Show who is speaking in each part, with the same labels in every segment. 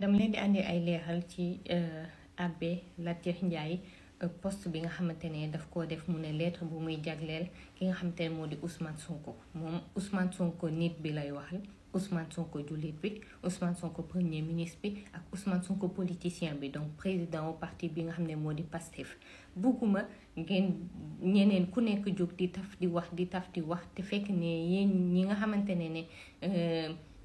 Speaker 1: dama leen di andi ay leeral ci euh, abbé Latyr Ndiaye euh, post bi nga xamante ne daf koo def mu ne lettre bu muy jagleel ki nga xamante ne moo di Ousmane Sonko moom Ousmane Sonko nit bi lay waxal Ousmane Sonko jullit bi Ousmane Sonko premier ministre bi ak Ousmane Sonko politicien bi donc président wu parti bi nga xam ne moo di Pastef bugguma ngeen ñeneen ku nekk jóg di taf di wax di taf di wax te fekk ne yéen ñi nga xamante ne ne. Euh,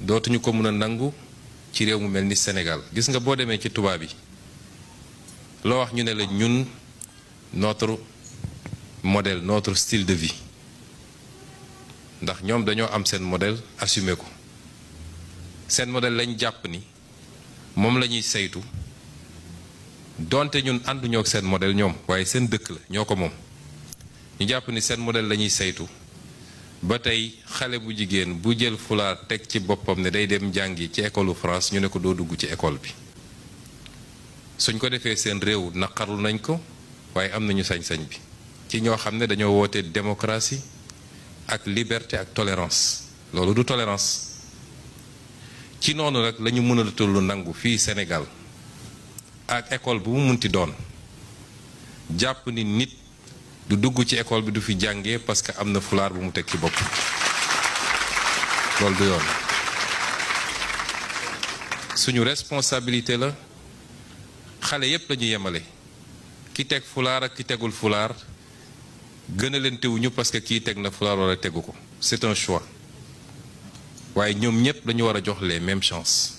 Speaker 2: dootuñu ko mun a nangu ci réew mu mel ni senegal gis nga boo demee ci tubaab yi loo wax ñu ne la ñun notre modèle notre style de vie ndax ñoom dañoo am seen modèle assumé ko seen modèle lañ jàpp ni moom la ñuy saytu doonte ñun ànduñoo ak seen modèle ñoom waaye seen dëkk la ñoo ko moom ñu jàpp ni seen modèle lañuy saytu ba tey xale bu jigéen bu jël fulaar teg ci boppam ne day dem jàng yi ci école France ñu ne ko doo dugg ci école bi suñ ko defee seen réew naqarlu nañ ko waaye am nañu sañ-sañ bi ci ñoo xam ne dañoo woote démocratie ak liberté ak tolérance loolu du tolérance ci noonu rek lañu ñu mën a tollu nangu fii Sénégal ak école bu mu munti doon jàpp ni nit du dugg ci école bi du fi jàngee parce que am na fulaar bu mu teg ci bopp loolu du yoon suñu responsabilité la xale yépp la ñu yemale ki teg fulaar ak ki tegul fulaar gën a leen parce que kii teg na fulaar wala tegu ko c'est un choix waaye ñoom ñépp dañu war a jox les mêmes chances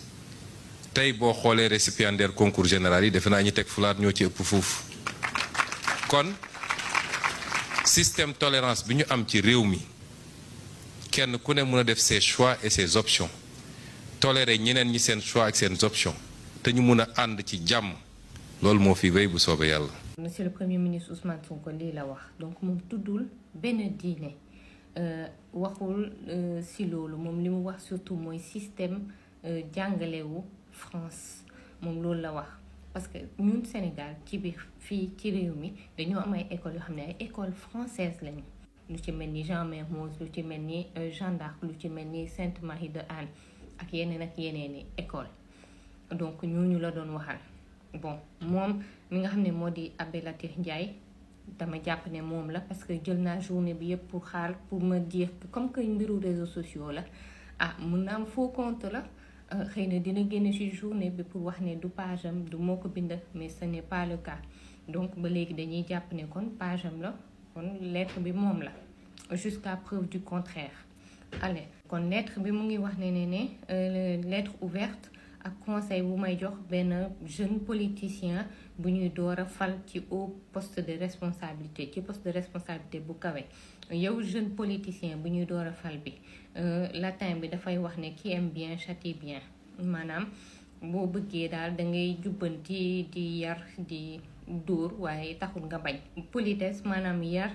Speaker 2: tey boo xoolee récipiendaire concours général yi defe naa ñu teg fulaar ñoo ci ëpp foofu kon système tolérance bi nous am ci réew mi kenn ku ne mën def ses choix et ses options tolérer ñeneen ñi seen choix ak seen options te ñu mën a ànd ci jàmm loolu moo fi wéy bu soobee yàlla.
Speaker 1: monsieur le premier ministre Ousmane Sonko lii la wax donc moom tuddul benn diine euh, waxul euh, si loolu moom li mu wax surtout mooy système euh, jàngalewu France moom loolu la wax. parce que ñun Sénégal ci biir fii ci réew mi dañoo am ay écoles yoo xam ne ay école française lañu lu ci mel ni Jean Mermoz lu ci mel ni euh, Jeanne lu ci mel ni Sainte Marie de Anne ak yeneen ak yeneeni école donc ñu la doon waxal bon moom mi nga xam ne moo di Abbé Latir dama jàpp ne moom la parce que jël naa journée bi yëpp pour xaar pour ma dire comme que mbiru réseau sociaux la ah mun na am faux compte la Euh, xëy na dina génn ci journée bi pour wax ne du page am du moo ko bind mais ce n'est pas le cas donc ba léegi dañuy jàpp ne kon page am la kon lettre bi moom la jusqu'à preuve du contraire allez kon lettre bi mu ngi wax ne ne ne euh, lettre ouverte ak conseil bu may jox benn jeune politicien bu ñuy door a fal ci au poste de responsabilité ci poste de responsabilité bu kawe yow jeune politicien bu ñuy door a fal bi euh, latin bi dafay wax ne qui aime bien châtie bien maanaam boo bëggee daal da ngay jubbanti di yar di dóor waaye taxul nga bañ politesse maanaam yar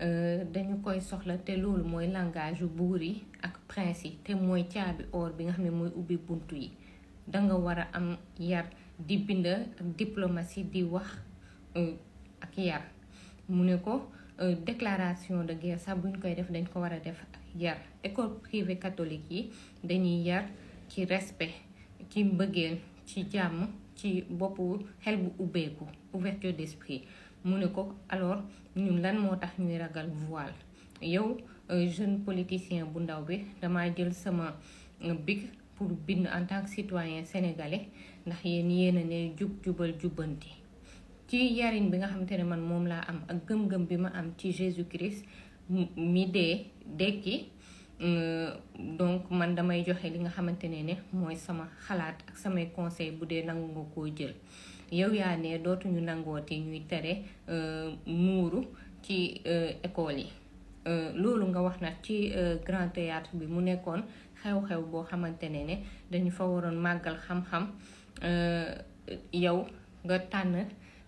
Speaker 1: euh, dañu koy soxla te loolu mooy langage yu buur yi ak prince yi te mooy caabi or bi nga xam ne mooy ubbi bunt yi danga war a am yar di bind euh, ak di wax euh, ak yar mu ne ko euh, déclaration de guerre sax buñ koy def dañ ko war a def ak yar école privée catholique yi dañuy yar ci respect ci mbëggeel ci jàmm ci boppu xel bu ubbeeku ouverture d'esprit mu ne ko alors ñun lan moo tax ñuy ragal voile yow jeune politicien bu ndaw bi dama jël sama bic pour bind en tant que citoyen sénégalais ndax yéen yéen a ne jub jubal jubbanti ci yarin bi nga xamante ne man moom laa am ak gëm-gëm bi ma am ci Jésus Christ mi dee dekki euh, donc man damay joxe li nga xamante ne ne mooy sama xalaat ak samay conseil bu dee nangu nga koo jël yow yaa ne dootuñu nangooti ñuy tere euh, muuru ci euh, école yi loolu nga wax na ci grand théâtre bi mu nekkoon xew-xew boo xamante ne ne dañu fa waroon màggal xam-xam yow nga tànn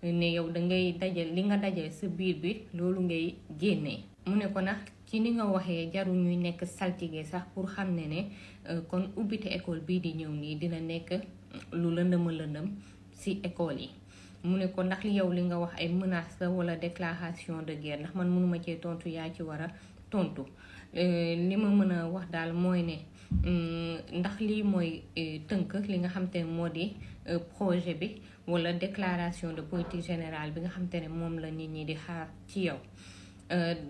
Speaker 1: ne yow dangay dajal li nga dajal sa biir bi loolu ngay génnee mu ne ko nag ci ni nga waxee jarul ñuy nekk saltige sax pour xam ne ne euh, kon ubbite école bii di ñëw nii dina nekk lu lëndëma lëndëm si école yi mu ne ko ndax li yow li nga wax ay menace la wala déclaration de guerre ndax man mënuma cee tontu yaa ci war a tontu euh, li ma mën a wax daal mooy ne Euh, ndax lii mooy euh, tënk li nga xam te ne moo di euh, projet bi wala déclaration de politique générale bi nga xam te ne moom la nit ñi di xaar ci yow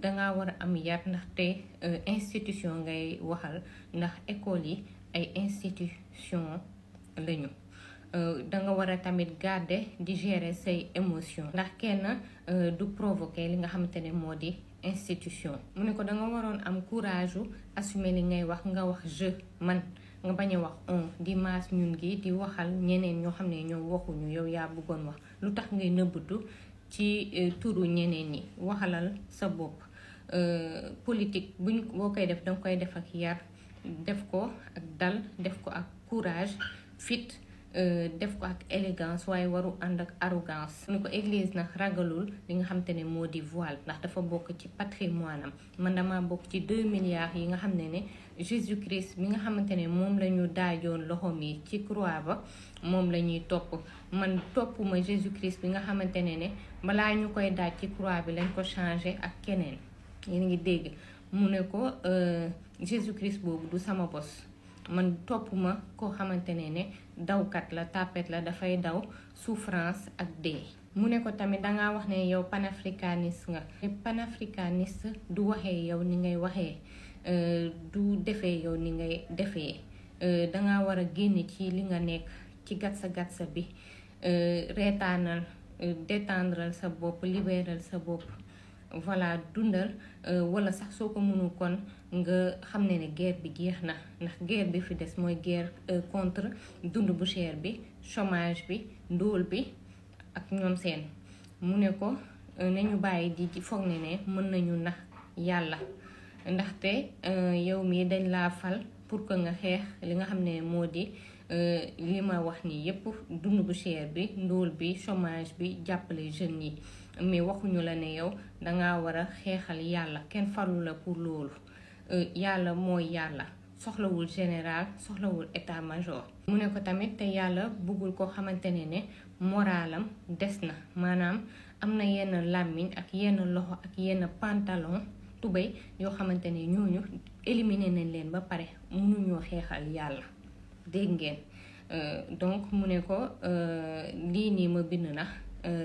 Speaker 1: dangaa war a am yar te institution ngay waxal ndax école yi ay institution lañu da nga war a tamit garder di gérer say émotion ndax kenn du provoquer li nga xamante ne moo di institution mu ne ko danga waroon am courage u assumer li ngay wax nga wax je man nga bañ a wax on di ñun gi di waxal ñeneen ñoo xam ne ñoo waxuñu yow yaa bëggoon wax lu tax ngay nëbbatu ci e, turu ñeneen ñi waxalal sa bopp e, politique buñ boo koy def danga koy def ak yar def ko ak dal def ko ak courage fit Euh, def ko ak élégance waaye waru ànd ak arrogance mu ne ko église nag ragalul li nga xam ne moo di voile ndax dafa bokk ci patrimoine am man dama bokk ci deux milliards yi nga xam ne ne Jésus Christ bi nga xamante ne moom la ñu daajoon loxoom yi ci croix ba moom la ñuy topp man topp ma Christ bi nga xamante ne ne balaa ñu koy daaj ci croix bi lañ ko changé ak keneen yéen ngi dégg mu ne ko euh, Jésus Christ boobu du sama bos man topp ma koo xamante ne ne dawkat la tapet la dafay daw souffrance ak dee. mu ne ko tamit dangaa wax ne yow panafricaniste nga te panafricaniste du waxee yow ni ngay waxee euh, du defee yow ni ngay defee euh, dangaa war a génne ci li nga nekk ci gatsa gatsa bi euh, reetaanal détendral sa bopp libéral sa bopp voilà dundal wala sax soo ko mënul kon nga xam ne ne guerre bi géex na ndax guerre bi fi des mooy guerre euh, contre dund bu cher bi chômage bi ndóol bi ak ñoom seen mu ne ko euh, nañu bàyyi di foog ne ne mën nañu nax yàlla ndaxte euh, yow mii dañ laa fal pour que nga xeex li nga xam ne moo di li ma wax nii yépp dund bu cher bi ndóol bi chomage bi jàppale jeunes yi mais waxuñu la ne yow dangaa war a xeexal yàlla kenn falu pour loolu Euh, yàlla mooy yàlla soxlawul général soxlawul état major mu ne ko tamit te yàlla bëggul ko xamante ne ne moraalam des na maanaam am na yenn làmmiñ ak yenn loxo ak yenn pantalon tubéy yoo xamante ne ñooñu éliminer nañ leen ba pare mënuñoo xeexal yàlla dégg ngeen euh, donc mu ne ko euh, lii nii ma bind na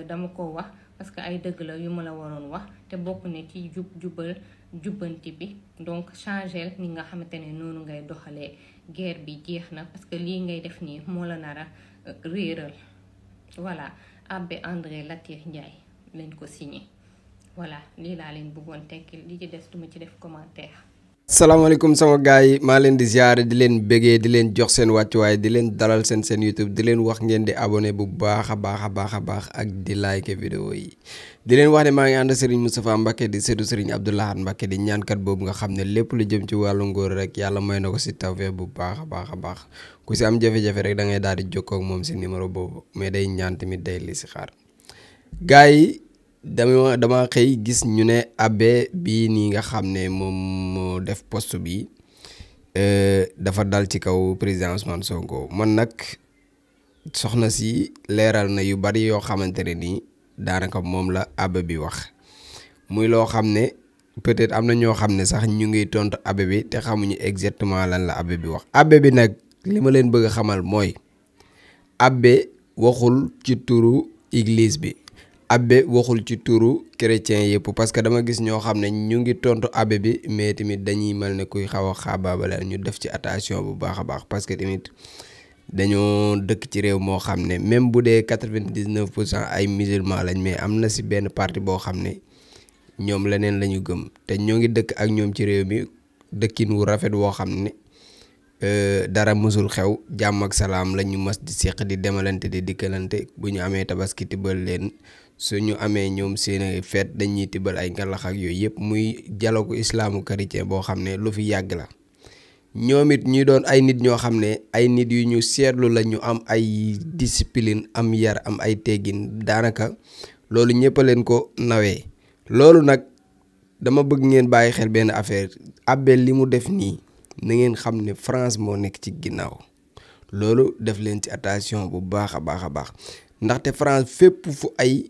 Speaker 1: dama ko wax parce que ay dëgg la yu ma la waroon wax te bokk na ci jub jubal jubbanti bi donc changer ni nga xamante ne noonu ngay doxalee guerre bi jeex na parce que lii ngay def nii moo la nara euh, réeral voilà abbé André Latyr Ndiaye lañ ko signé voilà lii laa leen bëggoon tekkil li ci des duma
Speaker 3: ci def commentaire salaamaaleykum sama gars yi maa leen di ziare di leen bégee di leen jox seen wàccuwaay di leen dalal seen seen YouTube di leen wax ngeen di abonné bu baax a baax a baax baax ak di like vidéo yi di leen wax ne maa ngi ànd Serigne Moustapha Mbacke di séddu Serigne Abdou Lahad Mbacke di ñaankat boobu nga xam ne lépp lu jëm ci wàllu ngóor rek yàlla may na ko si tawfeex bu baax a baax a baax ku si am jafe-jafe rek da ngay daal di jokkoo kook moom si numéro boobu mais day ñaan tamit day si xaar dama dama xëy gis ñu ne abbé bii nii nga xam ne moom def poste bi euh, dafa dal ci kaw président Ousmane Sonko man sohna soxna si leeral na yu bari yo xamante ne nii daanaka moom la abbé bi wax muy loo xam ne peut-être am na sax ñu ngi tontu abbé bi te xamuñu exactement lan la abbé bi wax abbé bi nag li ma leen bëgg a xamal mooy abbé waxul ci turu église bi abbé waxul ci turu chrétien yëpp parce que dama gis ñoo xam ne ñu ngi tontu abbé bi mais tamit dañuy mel ne kuy xaw a xaabaabale ñu def ci attention bu baax a baax parce que tamit dañoo dëkk ci réew moo xam ne même bu dee quatre-vingt-dix-neuf pour cent ay musulman lañ mais am na si benn partie boo xam ne ñoom leneen la ñu gëm te ñoo ngi dëkk ak ñoom ci réew mi dëkkin wu rafet woo xam ne euh, dara mësul xew jàmm ak salaam la ñu mas di seq di demalante di dikkalante bu ñu amee tabaski tibbal leen. ñu amee ñoom seen i feet dañuy tibbal ay ngalax yooyu yëpp muy dialogue islaamu chrétien boo xam ne lu fi yàgg la ñoom it ñuy doon ay nit ñoo xam ne ay nit yu ñu seetlu la ñu am ay discipline am yar am ay teggin daanaka loolu ñëpp a leen ko nawee loolu nag dama bëgg ngeen bàyyi xel benn affaire Abel li mu def nii na ngeen xam ne France moo nekk ci ginnaaw loolu def leen ci attention bu baax a baax a baax ndaxte France fépp fu ay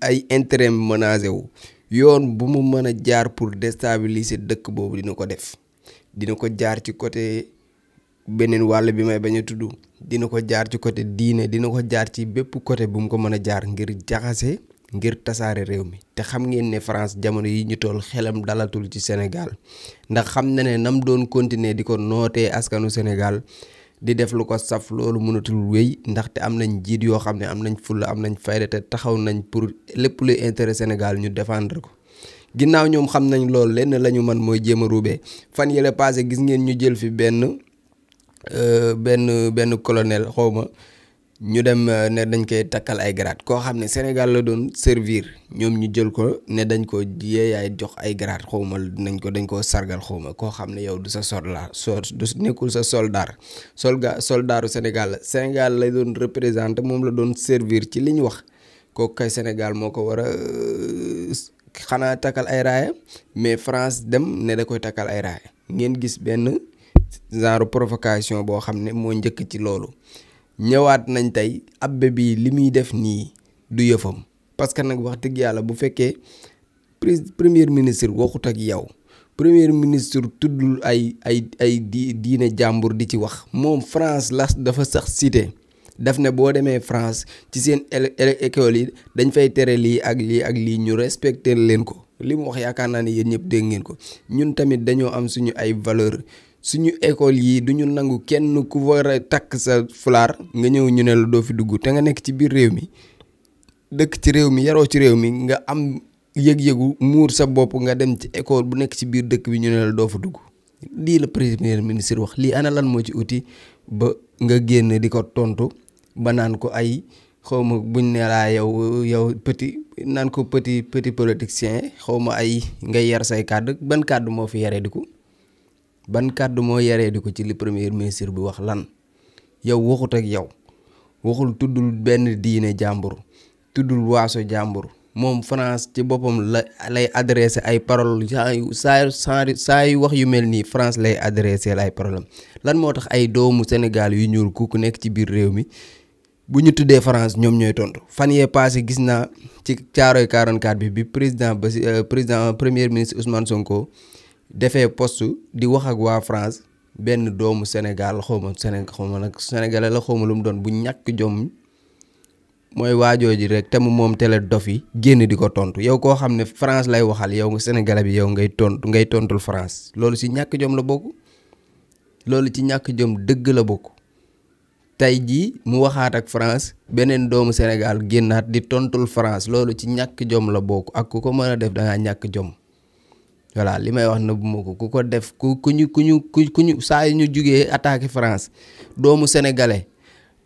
Speaker 3: ay intérêt menacé wu yoon bu mu mën a jaar pour déstabiliser dëkk boobu dina ko def dina ko jaar ci côté beneen wàll bi may bañ tudd dina ko jaar ci côté diine dina ko jaar ci bépp côté bu mu ko mën a jaar ngir jaxase ngir tasaare réew mi te xam ngeen ne France jamono yi ñu toll xelam dalatul ci Sénégal ndax xam na ne nam doon continuer di ko nootee askanu Sénégal di def lu ko saf loolu mënatul wéy ndaxte am nañ jiit yoo xam ne am nañ fulla am nañ fayda te taxaw nañ pour lépp luy intérêt Sénégal ñu défendre ko ginnaaw ñoom xam nañ loolu lenn la ñu man mooy jéem a ruubee fan yële passé gis ngeen ñu jël fi benn euh, benn benn colonel xawma ñu dem euh, ne dañ koy takkal ay grade koo xam ne Sénégal la doon servir ñoom ñu jël ko ne dañ ko yeeyaay jox ay grade xawma nañ ko dañ koo sargal xawma koo xam ne yow du sa soldat so du nekkul sa soldat solga soldaaru Sénégal la Sénégal lay doon représenté moom la doon servir ci li ñu wax kooku kay Sénégal moo ko war a euh, xanaa takkal ay raaya mais France dem ne da koy takkal ay raaya ngeen gis benn genre provocation boo xam ne moo njëkk ci loolu ñëwaat nañ tey abbé bi li muy def nii du yëfam parce que nag wax dëgg yàlla bu fekkee premier ministre waxut ak yow premier ministre tuddul ay ay ay di diine jàmbur di ci wax moom France la dafa sax cité daf ne boo demee France ci seen école yi dañ fay tere lii ak lii ak lii ñu respecté leen ko li mu wax yaakaar naa ne yéen ñëpp dégg ngeen ko ñun tamit dañoo am suñu ay valeur suñu école yi duñu nangu kenn ku war a takk sa fulaar nga ñëw ñu ne la doo fi dugg te nga nekk ci biir réew mi ci réew mi ci réew mi nga am yëg yagu mur sa bopp nga dem ci école bu nekk ci biir dëkk bi ñu ne la doo fa dugg la premier ministre wax ana lan moo ci uti ba nga génn di ko tontu ba naan ko ay xawma buñ ne laa yow yow petit naan ko petit petit politicien xawma ay nga yar say ban kàddu mo fi yaree di ban kàddu moo yaree di ko ci li premier ministre bi wax lan yow waxut ak yow waxul tuddul benn diine jàmbur tuddul waaso jàmbur moom France ci boppam la lay adressé ay paroles saa saa yu wax yu mel nii France lay adressé ay problème lan moo tax ay doomu Sénégal yu ñuul ku nekk ci biir réew mi bu ñu tuddee France ñoom ñooy tontu fan yee passé gis naa ci caaroy 44 bi bi président ba euh, président premier ministre Ousmane Sonko. defe poste di wax ak waa France benn doomu Sénégal xawma Sénégal xawma nag sénégalais la xawma lu mu doon bu ñàkk jom rek tele génn di ko tontu yow koo xam France lay waxal yow nga sénégalais bi yow ngay tontu ngay tontul France loolu si ñàkk jom la bokk loolu ci ñàkk jom dëgg la bokk tey ji mu waxaat ak France beneen doomu Sénégal génnaat di tontul France loolu ci ñàkk jom la bokk ak ku ko mën a def da ngaa ñàkk jom voilà lima may wax nëbbuma ko ku def ku ku ñu ku ñu ku ñu saa yu France doomu sénégalais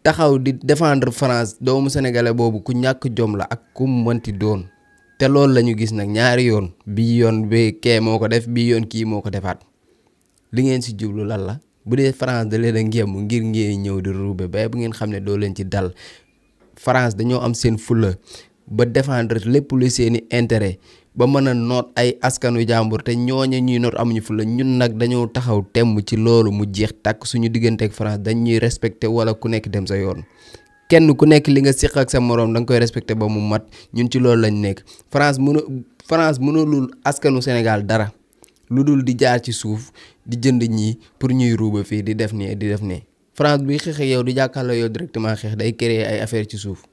Speaker 3: taxaw di défendre France doomu sénégalais boobu ku ñàkk jom la ak ku mënti doon te loolu la ñu gis nag ñaari yoon bii yoon bi kee def bi yoon ki moo defat li ngeen si jublu lan la bu dee France da leen a ngéem ngir ngeen ñëw di ruube bu ngeen xam ne doo leen ci dal France dañoo am seen fulla ba défendre lépp lu seeni intérêt ba mën a noot ay askanu jàmbur te ñooña ñuy noot amuñu fu la ñun nag dañoo taxaw temm ci loolu mu jeex tàkk suñu diggante ak France dañ ñuy respecté wala ku nekk dem sa yoon kenn ku nekk li nga siq ak sa moroom da nga koy respecté ba mu mat ñun ci loolu lañu nekk France mënu France mënulul askanu Sénégal dara lu dul di jaar ci suuf di jënd ñii pour ñuy ruuba fii di def nii di def nii France bi xeex yow di jàkkaarloo yow directement xeex day créer ay affaire ci suuf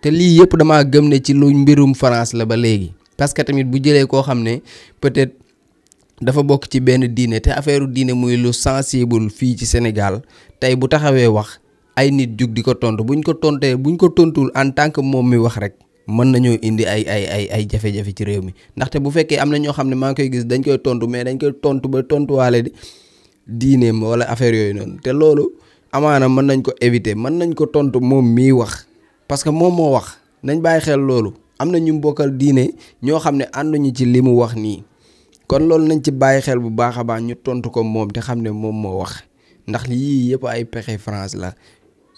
Speaker 3: te lii yëpp damaa gëm ne ci lu mbirum France la ba léegi. parce que tamit bu jëlee koo xam ne peut-être dafa bokk ci benn diine te affaire diine muy lu sensible fii ci Sénégal tey bu taxawee wax ay nit jug di ko tontu buñ ko tontee buñ ko tontuwul en tant que moom mi wax rek mën nañoo indi ay ay ay ay jafe-jafe ci réew mi ndaxte bu fekkee am na ñoo xam ne maa ngi koy gis dañ koy tontu mais dañ koy tontu ba tontuwaale di diineem wala affaire yooyu noonu te loolu amaana mën nañ ko éviter mën nañ ko tontu moom mii wax parce que moom moo wax nañ bàyyi xel loolu. am na ñu mbokkal diine ñoo xam ne ànd ànduñu ci li mu wax nii kon loolu nañ ci bàyyi xel bu baax a baax ñu tontu ko moom te xam ne moom moo wax ndax lii yëpp ay pexe France la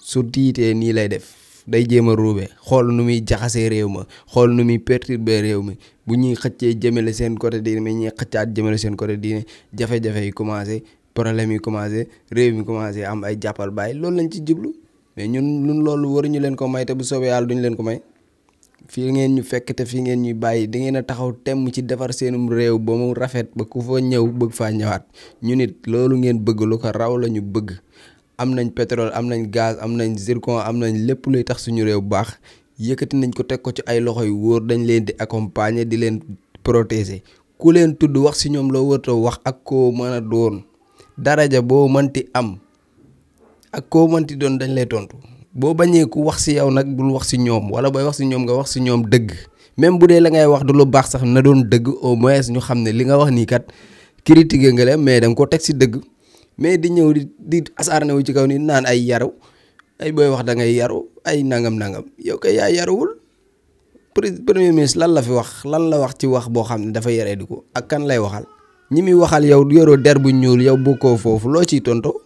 Speaker 3: su tiitee nii lay def day jéem a ruube xool nu muy jaxasee réew ma xool nu muy perturber réew mi bu ñuy xëccee jëmale seen côté diine mais ñuy xëccaat jëmale seen côté diine jafe-jafe yi commencé problème yi commencé réew mi commencé am ay jàppal bàyyi loolu lañ ci jublu mais ñun ñun loolu waruñu leen ko may bu soobee yàlla duñu leen ko may. fii ngeen ñu fekk te fii ngeen ñuy bàyyi di ngeen a taxaw temm ci defar seenum réew ba mu rafet ba ku fa ñëw bëgg faa ñëwaat ñu nit loolu ngeen bëgg lu ko raw la ñu bëgg am nañ pétrole am nañ gaz am nañ zircon am nañ lépp luy tax suñu réew baax yëkkati nañ ko teg ko ci ay loxo yu wóor dañ leen di accompagner di leen protéger ku leen tudd wax si ñoom loo wërta wax ak koo mën a doon daraja boo mënti am ak koo mënti doon dañ lay tontu. boo bañee ku wax si yow nag bul wax si ñoom wala booy wax si ñoom nga wax si ñoom dëgg même bu la ngay wax du lu sax na doon dëgg au moins ñu xam ne li nga wax nii kat critiqué nga leen mais da nga ko teg si dëgg mais di ñëw di di asaar ne wu ci kaw ni naan ay yaru ay booy wax da ngay yaru ay nangam nangam yow kay yaa yaruwul premier ministre lan la fi wax lan la wax ci wax boo xam ne dafa yaree di ko ak kan lay waxal ñi waxal yow yoroo der bu ñuul yow bokkoo foofu loo ciy tonto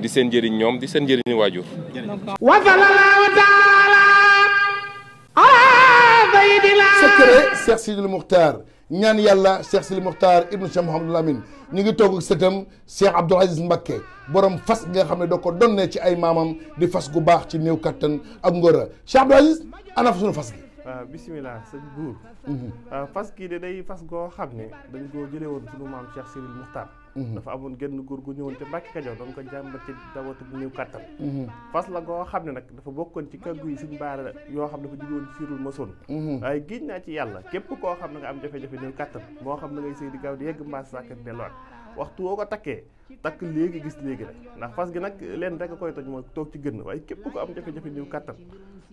Speaker 2: di seen njëriñ ñoom di seen njëriñu waajur
Speaker 4: secret Cheikh Sidil Mukhtar ñaan yàlla Cheikh Sidil Mukhtar ibnu Cheikh Mouhamadul Amin ñu ngi toog ak sëtam Cheikh Abdoul Aziz Mbacké borom fas nga xam ne doo ko donnee ci ay maamam di fas gu baax ci néew kattan ak ngóor a Cheikh Aziz ana fa fas gi waaw bisimilah sëñ buur mhm. fas gi de day fas goo xam ne dañ koo jëlee woon sunu maam Cheikh Sidil Mukhtar Mm-hmm. dafa amoon genn góor gu ñëwoon te Mbàkke Kajoor doon ko jàmbat ci dawatu bu néew kattan mm-hmm. fas la goo xam ne nag dafa bokkoon ci kaggu yi suñ baara yoo xam dafa ci siirul masoon mm-hmm. waaye giñ naa ci yàlla képp koo xam ne nga am jafe-jafe néew kattan moo xam na ngay sëy di gaaw di yegg mbaas sàkkat delluwaat waxtu woo ko takkee takk léegi gis léegi ndax fas gi nag leen rek a koy toj mooy toog ci gën waaye képp ko am jafe-jafe niw kàttan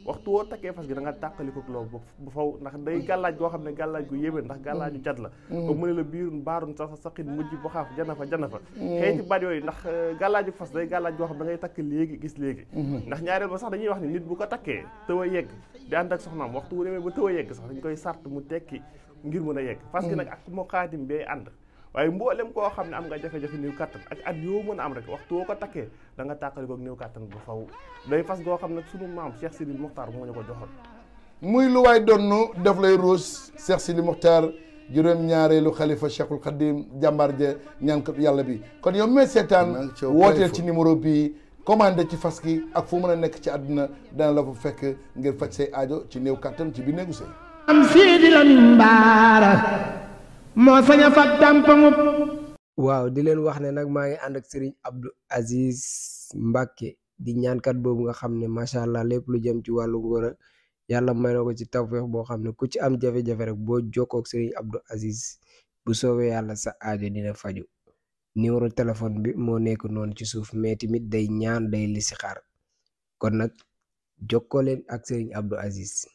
Speaker 4: waxtu woo takkee fas gi da nga ko loolu bu faw ndax day xam ne gàllaaj gu yéeme ndax gàllaaju jat la mm. ba mu ne la biirun baarun sa sa saqin mujj ba xaaf jana fa jana fa mm. xëy ci baat yooyu ndax euh, gàllaaju fas day gàllaaj goo xam da ngay takk léegi gis léegi mm-hmm. ndax ñaareel ba sax dañuy wax ne nit bu ko takkee tëw a yegg di ànd ak soxnaam waxtu wu demee ba tëw a yegg sax dañ koy sart mu tekki ngir mën a yegg mm. fas gi nag ak moo xaatim ànd waaye mboolem koo xam ne am nga jafe-jafe néew kàttan ak at yoo mën a am rek waxtu woo ko takkee danga nga tàqali ko néew kàttan bu faw day fas goo xam ne sunu maam Cheikh Sidi Mokhtar moo ñu ko joxoon muy lu waay donnu daf lay ruus Cheikh Sidi Mokhtar ñaareelu xalifa Cheikhul Khadim jàmbaar ja ñaankat yàlla bi kon yow mee seetaan wooteel ci numéro bii commandé ci fas gi ak fu mën a nekk ci àdduna dana la fa fekk ngir faj say aajo ci néew kàttan ci bi néegu sëy am Sidi Lamine Bara
Speaker 3: moo sañ a fag tàmpaŋub waaw di leen wax ne nag maa ngi ànd ak Serigne Abdou Aziz Mbacke di ñaankat boobu nga xam ne macha allah lépp lu jëm ci wàllu ngóor yàlla may ko ci tawféex boo xam ne ku ci am jafe-jafe rek boo jokkoo ak Serigne Abdou bu soowee yàlla sa aajo dina faju numéro téléphone bi moo nekk noonu ci suuf mais tamit day ñaan day listixaar kon nag jokkoo leen ak Serigne Abdou Aziz.